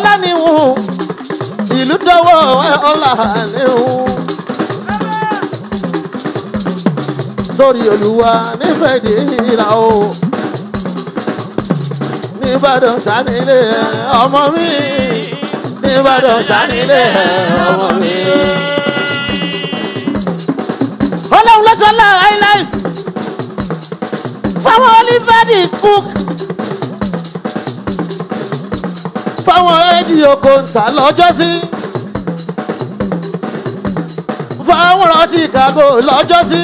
ọlá ni wù ìlú dọ́wọ́ ọlá ni wù. lórí olúwa nífẹ̀ẹ́ di ìlà o nìbàdàn sánilé ọmọ mi nìbàdàn sánilé ọmọ mi. ọlọ́run lọ́sọ̀ọ́lá highlight fáwọn olùfẹ́dì cook. fáwọn ẹ́dì Okonta lọ́jọ́sí fáwọn rọ Chicago lọ́jọ́sí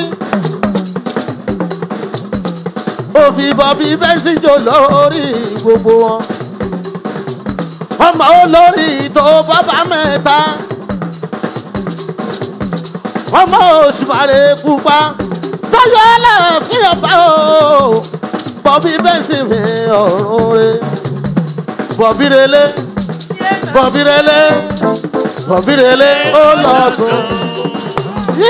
òfin bọ̀bí bẹ́sì jò lórí gbogbo wọn ọmọ olórí tó bàbá mẹ́ta ọmọ òṣùmàrè pupa tọ́jú aláàfin ọba o bọ̀bí bẹ́sì mi ọ̀run re bọ̀bí relé. Bọ̀bírẹ́lé Bọ̀bírẹ́lé ó oh lọ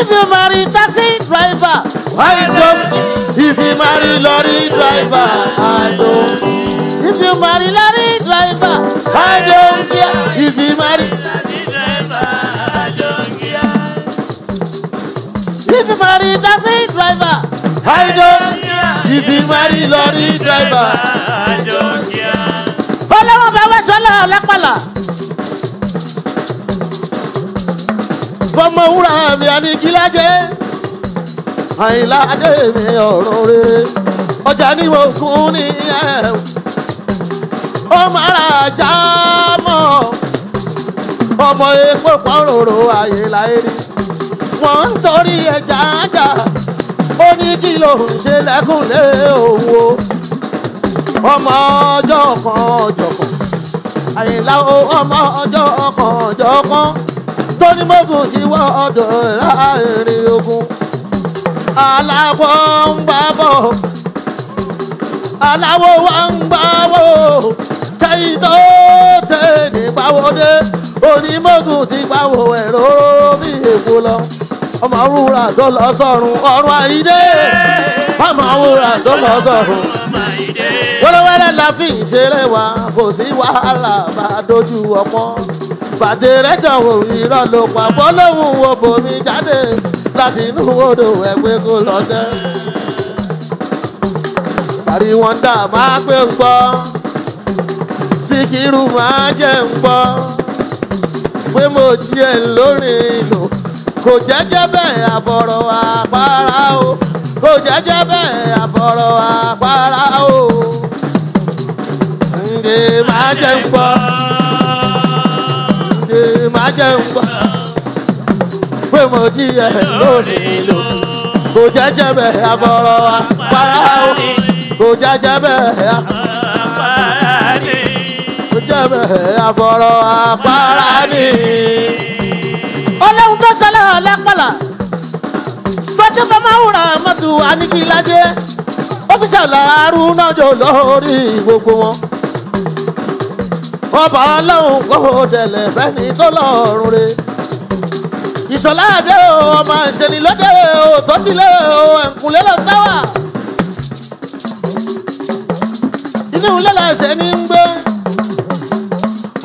If you marry taxi driver, I don't. If you marry lorry driver, I don't. If you marry lorry driver, I don't care. If you marry. If you marry taxi driver, I don't. If you marry lorry driver, I don't care. Olówó bá wá sọ́lá ọ̀làpàlà. ọmọ wúrà mi àníkílájẹ́ àyìnlá adé mi ọ̀rọ̀ rere ọjà ní mo kún ní ẹ̀rù ó máa ra ajá mọ́ ọmọ epo pọ́nròrò àyìnlá eré wọ́n ń torí ẹja ajá ó ní kí ló ń ṣe lẹ́kùnlé òwò ọmọ ọjọ́ kan ọjọ́ kan àyìnlá ọmọ ọjọ́ kan ọjọ́ kan onímọ̀gùn ti wọ ọ̀dọ̀ láàrin ogun aláwọ̀ ń gbà bọ̀ aláwọ̀ wa ń gbà wò kẹ́yìn tó tẹ̀ nípa wọlé onímọ̀gùn ti gbàwò ẹ̀rọ bí èkó lọ ọmọ wúrà tó lọ sọ́run ọ̀run àyídé ọmọ wúrà tó lọ sọ́run wẹ́rẹ́wẹ́rẹ́ la fi ìṣeré wa kò sí wàhálà bá dojú ọpọ́n bàtẹ rẹjọ wò irọ́ ló pa bọ́lọ́hùn wo bomi jáde láti inú odò ẹgbẹ́ kó lọ jẹ́. Bàrí wọn dà máa pé ń gbọ́, Síkírù máa jẹ́ ń gbọ́, pé mo jí ẹ̀ lórí ìlú, kò jẹ́jẹ́ bẹ́ẹ̀ àbọ̀rọ̀ àpárá o, kò jẹ́jẹ́ bẹ́ẹ̀ àbọ̀rọ̀ àpárá o. Ǹjẹ́ máa jẹ́ ń gbọ́ jẹ́ ń gbọ́ pé mo jí ẹ lónìí lò kò jẹ́jẹ́ o kò jẹ́jẹ́ bẹ́ẹ̀ kò jẹ́ bẹ́ẹ̀ ọlọ́run tó ṣẹlẹ̀ ọ̀lẹ́pàlà bọ́tí bá máa ń ra mọ́tò àníkí lájẹ́ ọ́fíìsì ọ̀làrú náà jò lórí gbogbo wọn ọba ọlọ́run kò tẹ̀lẹ̀ fẹ́ni tó lọ́rùn re. ìṣọ̀lá àdé o ọmọ ìṣẹ̀lẹ̀ lóde o tó ti o ẹ̀kúnlé lọ sáwà. inú ilé làṣẹ ní ń gbé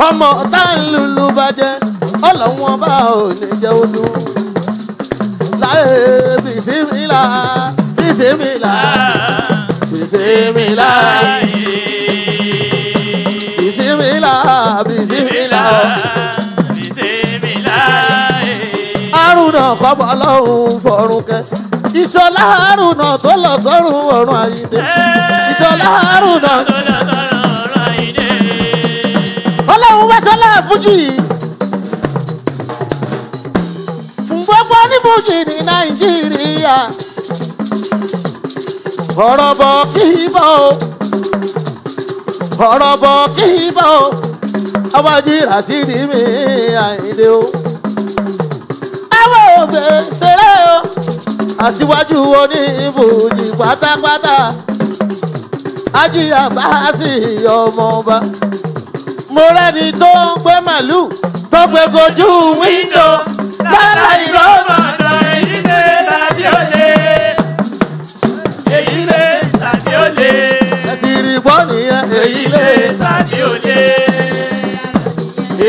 ọmọ ọ̀tá ń lulu bàjẹ́ ọlọ́run ọba ò ní jẹ́ ojú. láyé bìsímìlà bìsímìlà bìsímìlà bìsímìlà bisimilá bisimilá. arúnà kọ́mọ ọlọ́run fọ̀rùn kẹ́. ìṣọlá arúnà tó lọ sọ́run ọ̀run àyíndé. ìṣọlá arúnà tó lọ sọ́run ọ̀run àyíndé. ọlọ́run wẹ́sọ́lá fújì. fún gbogbo onífújì ní nàìjíríà. ọ̀rọ̀ bọ̀ kí bọ̀ ọ̀rọ̀ bọ̀ kí bọ̀ ọmọjì rasidi mi àyìndé o. àwọn òbẹ̀ ṣeré o aṣíwájú oníbòjì pátápátá ájí àbá sí ọmọọba. mo rẹ́ni tó ń gbé màlúù tó gbé gojú wíńdò lára ìrọ́mọ̀ ọ̀dọ̀ èyí lè tàbí ó lè èyí lè tàbí ó lè. ẹ ti rí bọ́ nìyẹn èyí lè tàbí ó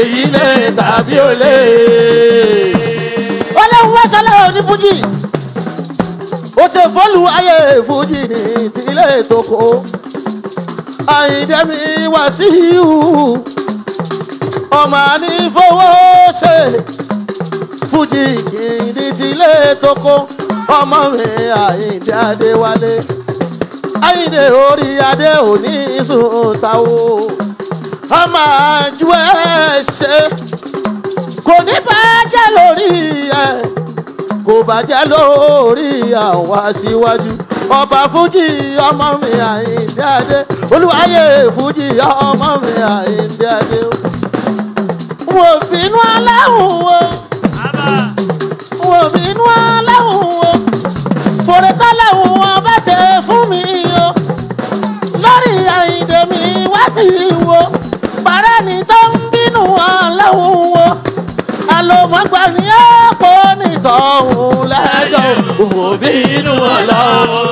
èyí lè tàbí ò lè. ọlọ́run wá sálẹ̀ onífújì ó ṣe fọ́ọ̀lù ayé fújì ní ìtìlẹ̀ ètòkó àyìndẹ́mi wá sí ihò ọmọ àní fowó ṣe fújì kì í ní ìtìlẹ̀ ètòkó ọmọ mi àyìndẹ́ adéwálé àyìndẹ́ orí adé òní sùn táwọn ọmọ àjù ẹ ṣe kò ní bàjẹ́ lórí ẹ kò bàjẹ́ lórí àwa síwájú ọba fújì ọmọ mi àyíndé adé olúwayé fújì ọmọ mi àyíndé adé wò bínú aláwọ̀ wo wò bínú aláwọ̀ wo foretọ́láwọ̀ wọn bá ṣe fún mi o lórí àyíndé mi wá sí wo ẹni tó ń bínú ọlọ́run wo àlòmọ́gbà ní ọ̀pọ̀ nìtọ̀hún lẹ́jọ́ òwò bínú ọlọ́run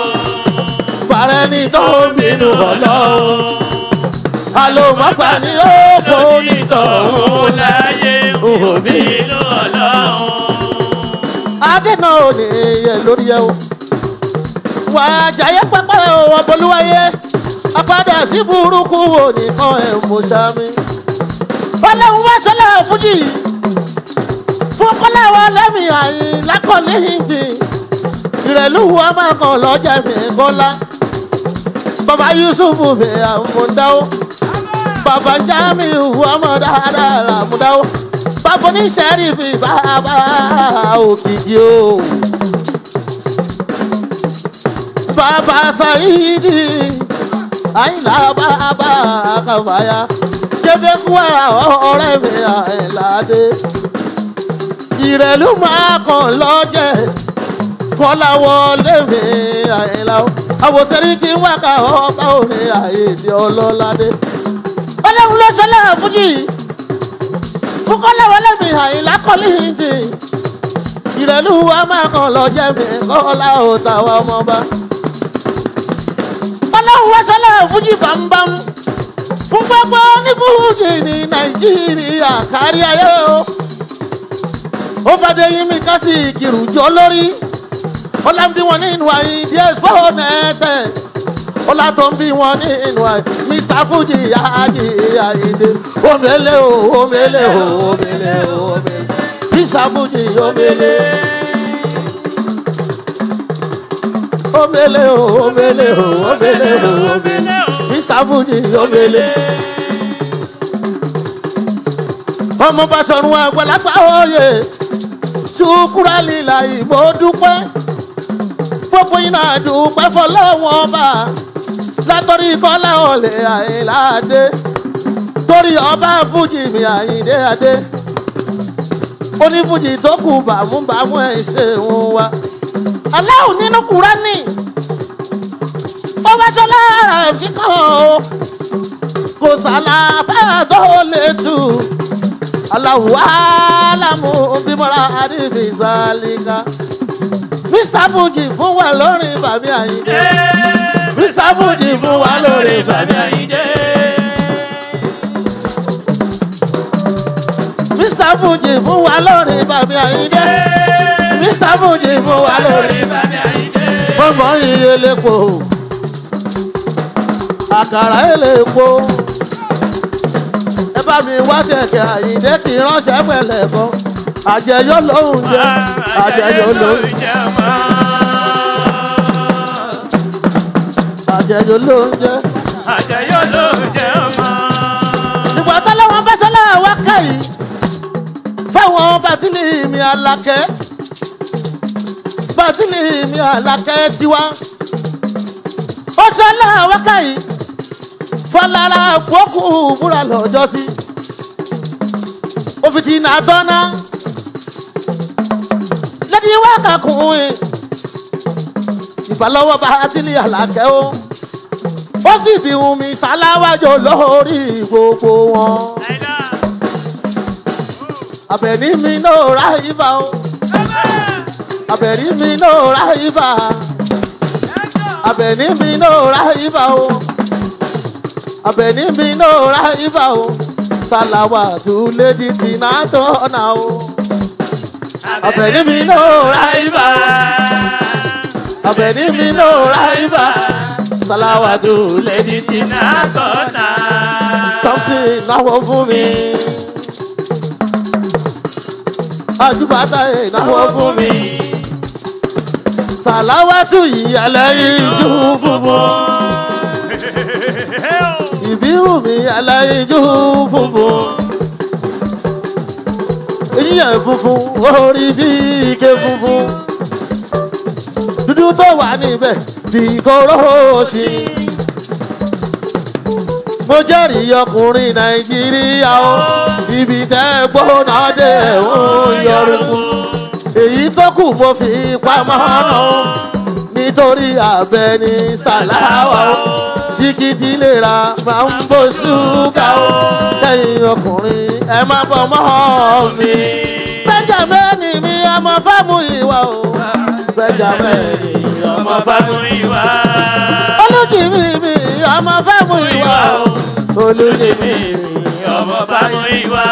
parẹ́ ni tó ń bínú ọlọ́run àlòmọ́gbà ní ọ̀pọ̀ nìtọ̀hún láyé òwò bínú ọlọ́run. adéna ò o wà á jayé pẹ́pẹ́ ọ̀wọ́ bolúwayé apádà sí burúkú wò nìkan ẹ̀ mọ̀ sámi ọlọ́run wá sọ́lá fújì fún kọ́lá wa lẹ́mí àyìn lákọ̀ọ́lé ìjì ìrẹ̀lú wa máa kàn lọ́jà mi bàbá Yusuf mi àmúdáwó bàbá Jamiu wa mọ̀ dáadáa àmúdáwó bàbá oníṣẹ́rì bàbá òkìkí o. Bàbá Saidi àyìnlá bàbá àkàbàyà jẹ́dẹ́ Kwara ọ̀rẹ́ mi àìláde. ìrẹ̀lú máa kàn lọ́jẹ̀ kọ́láwọlé mi àìlá o. àwòsẹ́rí kí wákà ọba òní àìdí ọlọ́ládé. ọlọ́run ló ṣe lẹ́yìn fújì fún kọ́láwọlé mi àìlá kọ́lé ìjì. ìrẹ̀lú wa máa kàn lọ́jẹ̀ mi kọ́lá òtàwọn ọmọba. ọlọ́run wá ṣe lẹ́yìn fújì bámbám fún pápá ní fújì ní nàìjíríà kárí ayé o ó fàdé yín mi ká sí ìkìrù jọ lórí ó láǹdí wọn nínú àyè díẹ̀ sọ́ọ̀ nẹ́ẹ̀tẹ̀ ó látọ̀ ń bí wọn mr fuji aji ayinde omele o omele o omele o omele mr fuji omele omele o omele o omele o omele. Mr. Fuji òbèlè. ọmọ bá sọ̀rùn àgbàlagbà òye ṣùkúrálì làyè mo dúpẹ́ gbogbo iná dúpẹ́ fọlọ́wọ́n ọba látọ̀rí kọ́lá ọ̀lẹ̀ àìláàdé torí ọba fújì mi àyíndé adé onífújì tó kù bàmúbàmú ẹ̀ ṣe òun wa. aláwo nínú Kùránì tó bá ṣọlá kíkọ́ kò sàlàfẹ́ tó lè tù aláwọ̀ alámú bímọ́ra àdìbì sálíkà. Mr Fuji fún wa lórin bàbí àyíndé. Mr Fuji fún wa lórin bàbí àyíndé. Mr Fuji fún wa lórin bàbí àyíndé. Mr Fuji fún wa lórin bàbí àyíndé. Bọ́bọ̀ iye lẹ́kọ̀ọ́ àkàrà elépo ẹ bá mi wá kẹ̀kẹ́ àyíǹde kì í ránṣẹ́ pẹ̀lẹ́ kan àjẹyó lòún jẹ àjẹyó lòún jẹ àjẹyó lòún jẹ àjẹyó lòún jẹ mọ́. ìgbà tọ́lọ́wọ́n bá sọ́lá wá kẹ́yìn fáwọn bàtìlì mi àlàkẹ́ bàtìlì mi àlàkẹ́ tiwa ó sọ́lá wá kẹ́yìn fọlára kókù múra lọ́jọ́ sí òfin ti nà tọ́nà lẹ́ni wákàkùnrin ìbálọ́wọ́ bá tílé àlàkẹ́ o ó fìdí omi sáláwájọ lórí gbogbo wọn. àbẹ̀ní mi náà ra ibà o àbẹ̀ní mi náà ra ibà àbẹ̀ní mi náà ra ibà o. Abẹ́ni mi náà ra ibà o sàlàwà dúlé di tìǹà tọ́nà o. Abẹ́ni mi náà ra ibà o Abẹ́ni mi náà ra ibà sàlàwà dúlé di tìǹà tọ́nà. Thompson náwó fún mi. Àjùbátà náwó fún mi. Sàlàwà tù yìí alẹ́ fún mi ìbírù mi aláìjú funfun ìyẹn funfun orí bí ike funfun dúdú tó wà níbẹ̀ tí kóró sí mo jẹ́rìí ọkùnrin nàìjíríà o ibi tẹ́ gbóná dé ń yọrùkú èyí tó kù mo fi pamọ́ náà nítorí abẹni sàláwà o títí lè ra máa ń bó ṣúgà ó lẹ́yìn ọkùnrin ẹ má bọ̀ mọ́ mi. bẹ́jàmẹ́ni mi ọmọ fámù ìwà o. bẹ́jàmẹ́ni ọmọ fámù ìwà. olùjìmí mi ọmọ fámù ìwà o. olùjìmí mi ọmọ fámù ìwà.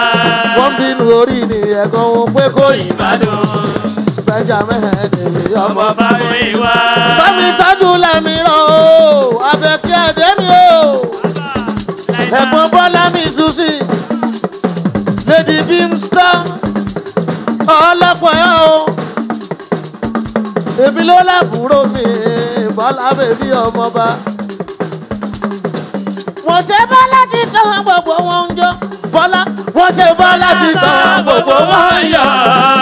wọ́n bínú orí ni ẹ̀kọ́ wọn pé kó ìbádùn. bẹ́jàmẹ́ni ọmọ fámù ìwà. bámi tọ́jú lẹ́mìíràn o ẹ̀gbọ́n bọ́lá mi susi lady bimsta ọlọ́pọ̀ ẹ̀ o èmi ló lábúrò mi bọ́lá bèbí ọmọba. wọ́n ṣe bọ́lá ti tàn gbogbo wọn ń jó bọ́lá wọ́n ṣe bọ́lá ti tàn gbogbo wọn ń